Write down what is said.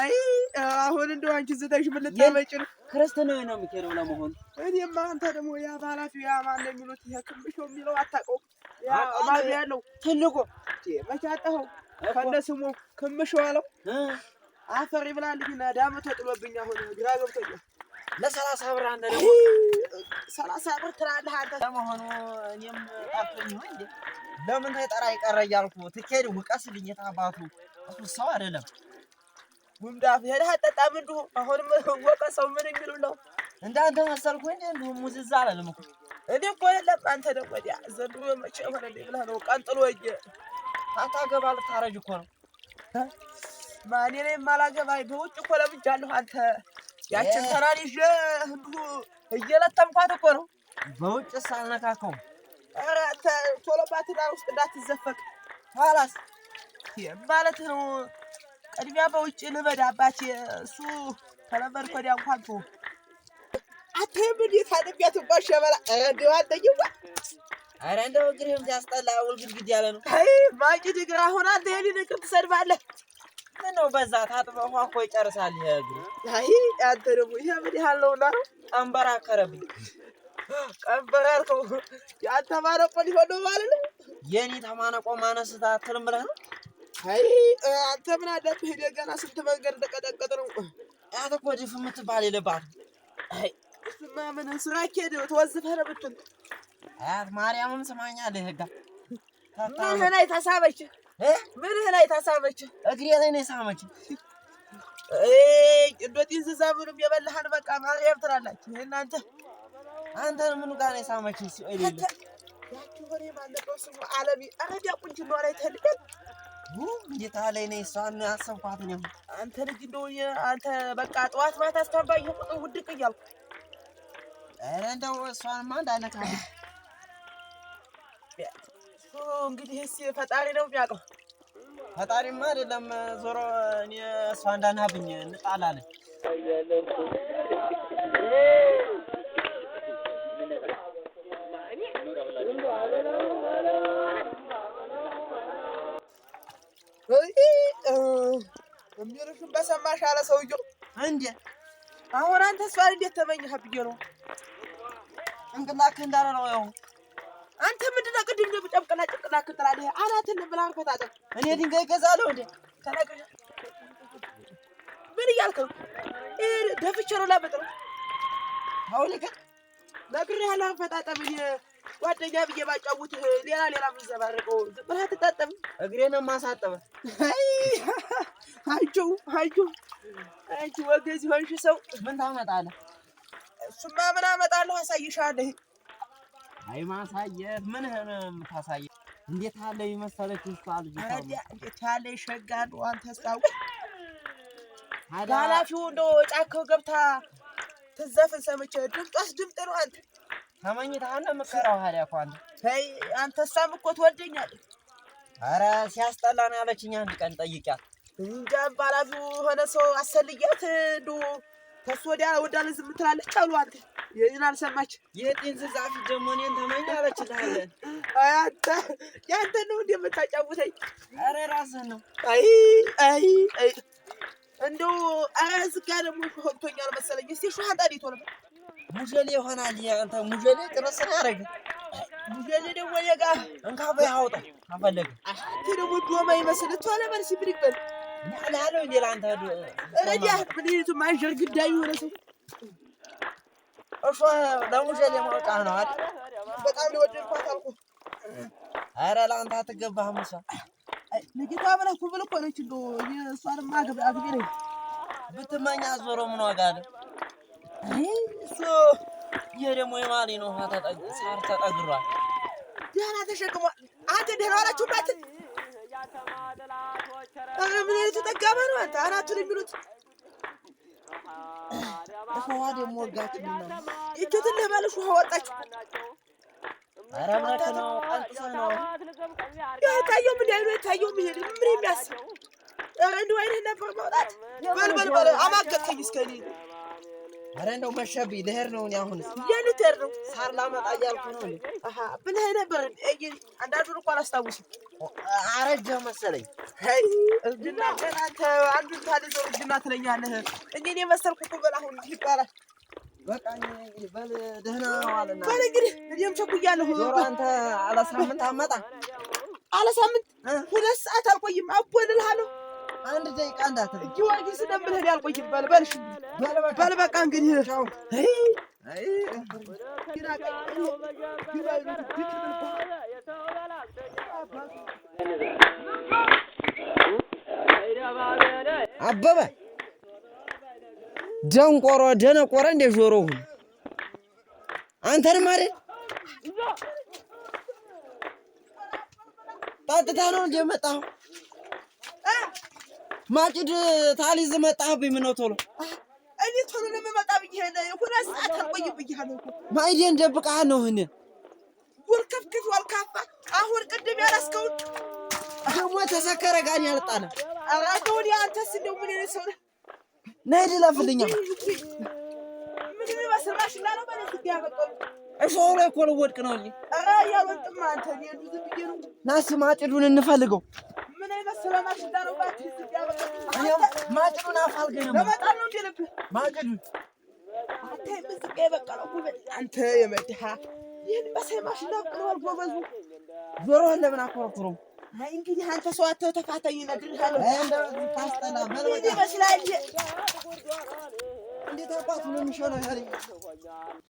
አይ አሁን እንደው አንቺ ዝተሽ ምን ልታመጪ ነው? ክርስትና ነው የምትሄደው ለመሆኑ? እኔማ አንተ ደግሞ ያ ባህላት ያ ማን ነው የሚሉት ይሄ ክምሾ የሚለው አታውቀውም? ያ ማለት ያለው ትልቁ መቼ አጣኸው? ከእነ ስሙ ክምሾ አለው አፈር ይብላልኝና ዳመ ተጥሎብኝ አሁን ግራ ገብቶኛል። ለሰላሳ ብር አንተ ደግሞ ሰላሳ ብር ትላለህ አንተ ለመሆኑ እኔም ጣፍኝ ነው እንዴ? ለምን ተጠራ ይቀረ እያልኩ ትኬድ ውቀስልኝ የታባቱ እሱ ሰው አይደለም ጉምዳፍ ሄደህ አጠጣም እንዲሁ አሁንም ወቀ ሰው ምን የሚሉ ነው? እንዳንተ መሰልኩ እንዴ? እንዲሁ ሙዝዛ አላለም እኮ እኔ እኮ የለም። አንተ ደግሞ ወዲያ ዘንድሮ መቼ ሆነ ብለህ ነው ቀንጥሎ ወየ አታገባ ልታረጅ እኮ ነው። ማን እኔ የማላገባ በውጭ እኮ ለምጃለሁ። አንተ ያችን ተራን ይዤ እንዲሁ እየለጠምኳት እኮ ነው። በውጭ ሳልነካከው ኧረ ቶሎ ባትዳር ውስጥ እንዳትዘፈቅ ኋላስ ማለት ነው ቅድሚያ በውጭ ልመድ አባቴ እሱ ተለመድኩ። ወዲያ እንኳን ቶ አትህም እንዴ ታደቢያ ትንኳሽ ያበላ ረዲዋ አለኝማ። ኧረ እንደው እግርህም ሲያስጠላ ውል ግድግድ ያለ ነው። አይ ማጭድ እግር አሁን አንተ ይሄንን እግር ትሰድባለህ። ምነው በዛ ታጥበህ ውሃ እኮ ይጨርሳል ይሄ እግር። አይ አንተ ደግሞ ይሄ ምን ያህል ነው ቀንበራ ከረብኝ ቀንበራ ያልከው የአንተ ማነቆ ሊሆን ነው ማለት ነው። የእኔ ተማነቆ ማነስታ አትልም ብለህ ነው አይ አንተ ምን አለብህ? ሄደህ ገና ስንት መንገድ ተቀጠቀጥ ነው። አንተ እኮ ድፍ የምትባል የለባትም። አይ ስማ፣ ምን ስራ ኬድ ተወዝፈህ ብትል አያት ማርያምም ስማኛለህ። ህጋ ምንህ ላይ ታሳበች? ምንህ ላይ ታሳበች? እግሬ ላይ ነው የሳመች። እንዶት ይዝዛ ምንም የበላህን በቃ ማርያም ትላላችሁ እናንተ። አንተን ምኑ ጋር ነው የሳመች? ሲኦል የለም ያችሁ ሆኔ ማለቀው ስሙ አለቢ አረዲያ ቁንጅ ኖራ ይተልቀል እንዴት አለኝ ነኝ እሷን አሰብኳት። እኔም አንተ ልጅ እንደው አንተ በቃ ጠዋት ማታ አስታባይ ቁጥር ውድቅ እያልኩ ኧረ እንደው እሷንማ እንዳለካ እንግዲህ እስ ፈጣሪ ነው የሚያውቀው። ፈጣሪማ አይደለም ዞሮ እኔ እሷ እንዳናብኝ እንጣላለን የሚልሽን በሰማሽ አለ ሰውዬው። እንዴ አሁን አንተ እሷን እንዴት ተመኘህ ብዬ ነው እንቅላክህ እንዳለ ነው ያው አንተ ምንድን ነው ቅድም ደግሞ ጨምቅላ ጨምቅላ ክትላለህ? አናትን ብላ አልፈታጠ እኔ ድንጋይ ገዛለሁ እንዴ ተለቅ ምን እያልክ ነው? ደፍቼ ነው ላመጥ ነው አሁን ነገር ነግሬሃለሁ። አልፈጣጠም እኔ ጓደኛ ብዬ ባጫውትህ ሌላ ሌላ ምን ዘባርቀው ዝም ብለህ አትታጠብም? እግሬን ማሳጠበ አንቺ አንቺ አንቺ ወገዝ ሆንሽ ሰው ምን ታመጣለህ? እሱማ ምን አመጣለሁ አሳይሻለሁ። አይ ማሳየት ምንህን የምታሳየት እንዴት ያለ የመሰለች ውስጥ ልጅ እንዴት ያለ ሸጋ ነው። አንተስ ኃላፊው እንደው ጫካው ገብታ ትዘፍን ሰምቼ ድምጧስ ድምጥ ነው አንተ ተመኝታህን ነው የምትከራው። ሀዲያ እኮ አንተ ተይ አንተ እሷም እኮ ትወደኛለች። ኧረ ሲያስጠላ ነው ያለችኝ። አንድ ቀን ጠይቂያት እንጃ ባላዙ ሆነ ሰው አሰልያት ዱ ከእሱ ወዲያ ወዳለ ዝም ትላለች አሉ። አንተ ይህን አልሰማች የጤን ዝዛፊ ደግሞ እኔን ተመኝ አለችልሃለን። አንተ ያንተ ነው እንደ የምታጫውተኝ? ኧረ ራስህን ነው። አይ አይ አይ እንደው ኧረ እዚህ ደግሞ ሆንቶኛል መሰለኝ። እስቲ ሸሀጣ ዴቶ ነበር ሙጀሌ ይሆናል። አንተ ሙጀሌ ጥረት ስራ ሙጀሌ ደግሞ የጋ እንካ በይ አውጣ አፈለገ አንተ ደግሞ ዶማ ይመስል ተዋለ መልስ ብድግ በል ናላለው ሌላ አንተ ረዲያ ብልይቱ ማንሸር ግዳይ የሆነ ሰው እሷ ለሙጀሌ ማውጣ ነው አይደል? በጣም ሊወደድኳት አልኩ። አረ ለአንተ አትገባህ ሙሳ ንግቷ ብለህ እኮ ብልኮ ነች። እንደው እሷንም አግብ አግቢ ነኝ ብትመኛ ዞሮ ምን ዋጋ አለ? ይሄ ደግሞ የማሌ ነው። ሳር ተጠግሯል። ደህና ተሸክሟል። አንተ ደህና ዋላችሁ ባትን ምን አይነቱ ጠጋማ ነው አንተ አናቱን የሚሉት ውሃዋ ደግሞ ወጋችሁ ምናምን እችትን ለባለሽ ውሃ ወጣችሁ። ኧረ እውነት ነው። ቀንጥሰህ ነው የታየው ምን ያህል ነው የታየው ምን ምን የሚያስብ ኧረ አይነት ነበር መውጣት በል በል በል አማከቀኝ እስከ አረ እንደው መሸብኝ፣ ልሄድ ነው እኔ አሁን። የት ልትሄድ ነው? ሳር ላመጣ እያልኩ ነው። አሃ ነበር። አንዳንዱን እኮ አላስታውስም። አረጀህ መሰለኝ። እርጅና ትለኛለህ። እኔን የመሰልኩ እኮ በል አሁን ይባላል። በቃ እኔም ቸኩያለሁ። አንተ አለ ሳምንት አመጣ አለ ሳምንት ሁለት ሰዓት አልቆይም። አቦልልሃለሁ አንድ ደቂቃ እንዳትል ጊዮርጊስ ስለምልህ አልቆይም። በል በል እሺ በል በቃ እንግዲህ አበበ ደንቆሮ ደነቆረ እንደ ጆሮ ሁን አንተንም አይደል ጠጥታ ነው እንደ መጣሁ ማጭድ ታሊዝ መጣህብኝ። ምነው ቶሎ እኔ ቶሎ ነው የምመጣ ሁለት ሰዓት አልቆይም ብዬሃለሁ እኮ ማይዴን ነው። እኔ ጉድ ክፍክፍ አሁን ቅድም ያላስከውን ደግሞ ተሰከረ ጋን ያልጣለ አራተውን የአንተስ እንደው ምን አይነት ሰው ነህ? ነይ ድለፍልኛ። ምንድን በስራሽ ነው በለት ያበቀሉ እሾሁ ላይ እኮ ልወድቅ ነው እንጂ ኧረ ያልወጥም አንተ ና ማጭዱን እንፈልገው ምን አይነት ስለ ማሽላ ነው? ማጭዱን አፋልገኝ ለመጣል ነው እንዴ? ልብ ማጭዱን አንተ የምዝቃ የበቀለው ጉልበት አንተ የመድሃ ይህን መሳይ ማሽላ ብቅለዋል። ጎበዙ ዞሮህን ለምን አኮረኩረው? አይ እንግዲህ አንተ ሰው አተው ተፋተኝ እነግርሃለሁ። እንዴት አባቱ ነው የሚሻለው